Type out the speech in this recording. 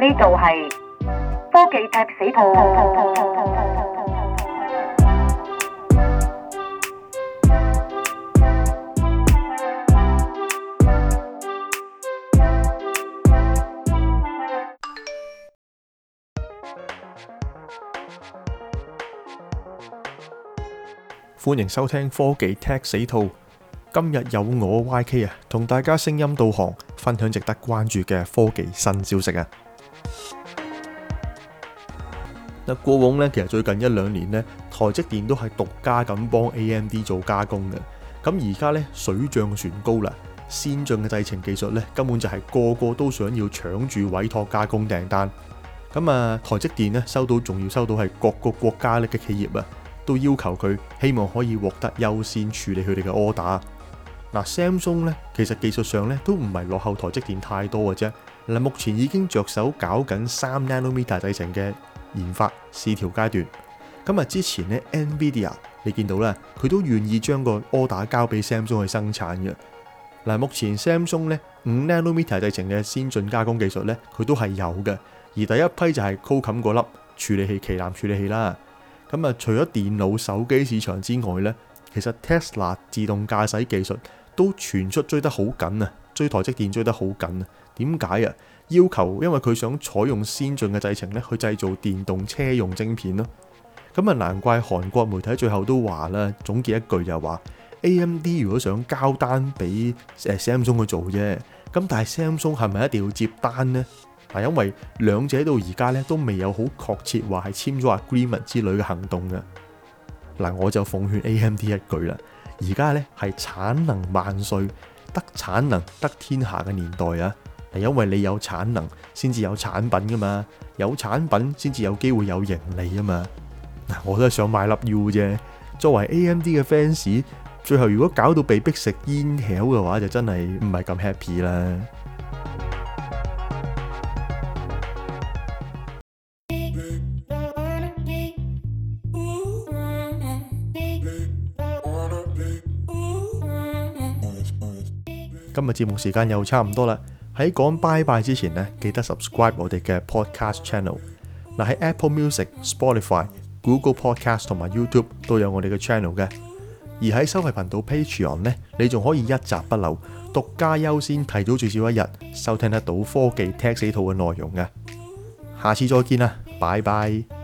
呢度係科技踢死套，歡迎收聽科技踢死套。今日有我 YK 啊，同大家聲音導航，分享值得關注嘅科技新消息啊！嗱，過往咧，其實最近一兩年咧，台積電都係獨家咁幫 AMD 做加工嘅。咁而家咧，水漲船高啦，先進嘅製程技術咧，根本就係個個都想要搶住委託加工訂單。咁啊，台積電咧收到，仲要收到係各個國家咧嘅企業啊，都要求佢希望可以獲得優先處理佢哋嘅 order。嗱，Samsung 咧其實技術上咧都唔係落後台積電太多嘅啫。嗱，啊，目前已經着手搞緊三 nanometer 製程嘅。研發試調階段，今日之前呢 Nvidia 你見到咧，佢都願意將個 order 交俾 Samsung 去生產嘅。嗱，目前 Samsung 呢，五 Nanometer 製程嘅先進加工技術呢，佢都係有嘅。而第一批就係 Qualcomm 嗰粒處理器旗艦處理器啦。咁啊，除咗電腦、手機市場之外呢，其實 Tesla 自動駕駛技術都傳出追得好緊啊！追台積電追得好緊啊，點解啊？要求因為佢想採用先進嘅製程咧，去製造電動車用晶片咯。咁啊，難怪韓國媒體最後都話啦，總結一句就話，AMD 如果想交單俾誒 Samsung 去做啫。咁但係 Samsung 係咪一定要接單呢？嗱，因為兩者到而家咧都未有好確切話係簽咗 agreement 之類嘅行動嘅。嗱，我就奉勸 AMD 一句啦，而家咧係產能萬歲。得產能得天下嘅年代啊，係因為你有產能先至有產品噶嘛，有產品先至有機會有盈利啊嘛。嗱，我都係想買粒 U 啫。作為 AMD 嘅 fans，最後如果搞到被逼食煙曉嘅話，就真係唔係咁 happy 啦。今日節目時間又差唔多啦，喺講拜拜之前呢，記得 subscribe 我哋嘅 podcast channel。嗱喺 Apple Music、Spotify、Google Podcast 同埋 YouTube 都有我哋嘅 channel 嘅。而喺收費頻道 Patreon 呢，你仲可以一集不漏，獨家優先、提早最少一日收聽得到科技踢死套嘅內容嘅。下次再見啦，拜拜。